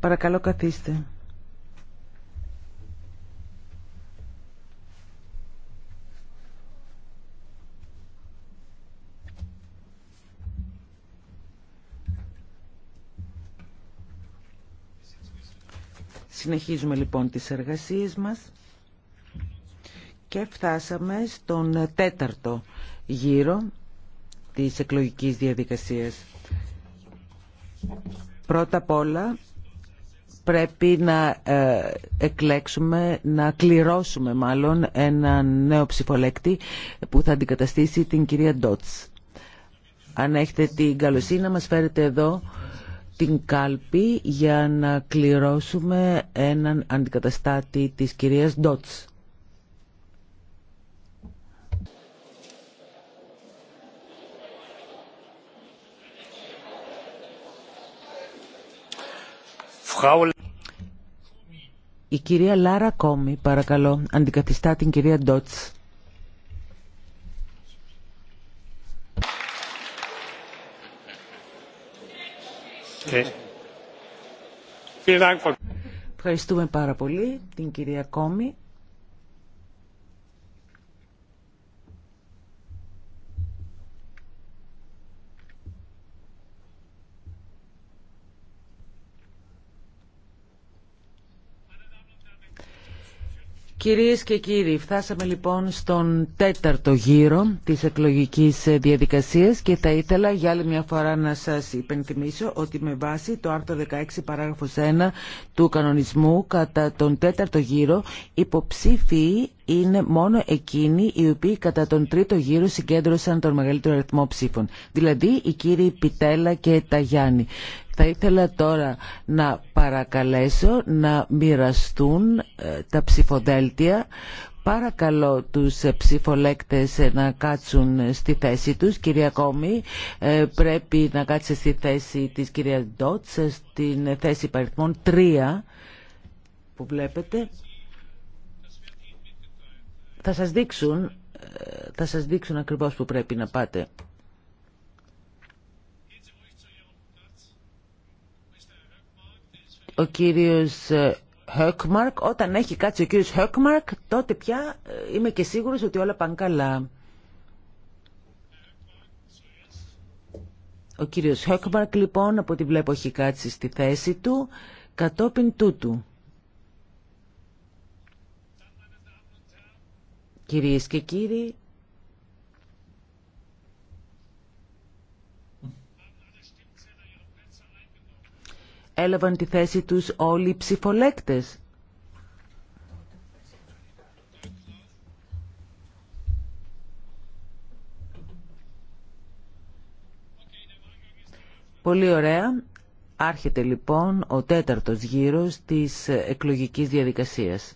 Παρακαλώ καθίστε. Συνεχίζουμε λοιπόν τις εργασίες μας και φτάσαμε στον τέταρτο γύρο της εκλογικής διαδικασίας. Πρώτα απ' όλα πρέπει να ε, εκλέξουμε, να κληρώσουμε μάλλον ένα νέο ψηφολέκτη που θα αντικαταστήσει την κυρία Ντότς. Αν έχετε την καλοσύνη να μας φέρετε εδώ την κάλπη για να κληρώσουμε έναν αντικαταστάτη της κυρίας Ντότς. Η κυρία Λάρα Κόμη, παρακαλώ, αντικαθιστά την κυρία Ντότς. Ευχαριστούμε πάρα πολύ την κυρία Κόμι. Κυρίες και κύριοι, φτάσαμε λοιπόν στον τέταρτο γύρο της εκλογικής διαδικασίας και θα ήθελα για άλλη μια φορά να σας υπενθυμίσω ότι με βάση το άρθρο 16 παράγραφος 1 του κανονισμού κατά τον τέταρτο γύρο υποψήφιοι είναι μόνο εκείνοι οι οποίοι κατά τον τρίτο γύρο συγκέντρωσαν τον μεγαλύτερο αριθμό ψήφων. Δηλαδή οι κύριοι Πιτέλα και Ταγιάννη. Θα ήθελα τώρα να παρακαλέσω να μοιραστούν ε, τα ψηφοδέλτια παρακαλώ τους ε, ψηφολέκτες ε, να κάτσουν στη θέση τους. Κυρία Κόμη, πρέπει να κάτσε στη θέση της κυρία Ντότς, στην θέση παριθμών 3 που βλέπετε θα σας δείξουν, ε, θα σας δείξουν ακριβώς που πρέπει να πάτε. Ο κύριος Χέκμαρκ, ε, όταν έχει κάτσει ο κύριος Χέκμαρκ, τότε πια ε, είμαι και σίγουρος ότι όλα πάνε καλά. Ο κύριος Χέκμαρκ λοιπόν, από ό,τι βλέπω, έχει κάτσει στη θέση του κατόπιν τούτου. Κυρίες και κύριοι, έλαβαν τη θέση τους όλοι οι ψηφολέκτες. Πολύ ωραία. Άρχεται λοιπόν ο τέταρτος γύρος της εκλογικής διαδικασίας.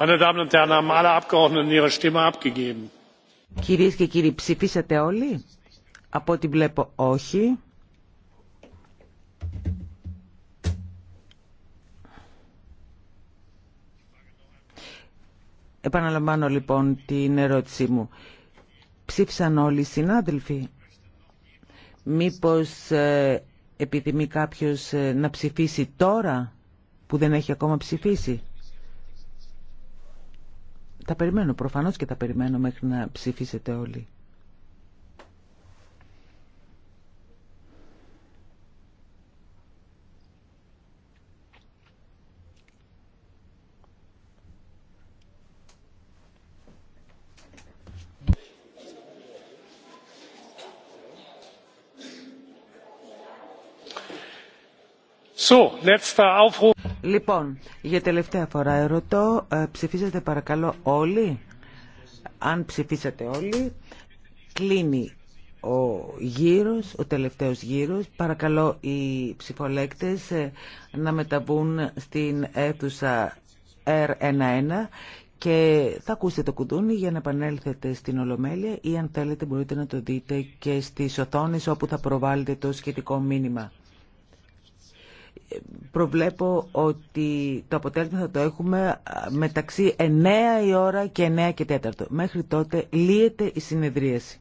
Meine Damen und Herren, alle ihre Stimme abgegeben. Κυρίες και κύριοι, ψηφίσατε όλοι. Από ό,τι βλέπω όχι. Επαναλαμβάνω λοιπόν την ερώτησή μου. Ψήφισαν όλοι οι συνάδελφοι. Μήπως ε, επιθυμεί κάποιος ε, να ψηφίσει τώρα που δεν έχει ακόμα ψηφίσει. Τα περιμένω, προφανώς και τα περιμένω μέχρι να ψηφίσετε όλοι. So, letzter Aufruf. Λοιπόν, για τελευταία φορά ερωτώ, ε, ψηφίσατε παρακαλώ όλοι. Αν ψηφίσατε όλοι, κλείνει ο γύρος, ο τελευταίος γύρος. Παρακαλώ οι ψηφολέκτες ε, να μεταβούν στην αίθουσα R11 και θα ακούσετε το κουδούνι για να επανέλθετε στην Ολομέλεια ή αν θέλετε μπορείτε να το δείτε και στις οθόνες όπου θα προβάλλετε το σχετικό μήνυμα προβλέπω ότι το αποτέλεσμα θα το έχουμε μεταξύ 9 η ώρα και 9 και 4. Μέχρι τότε λύεται η συνεδρίαση.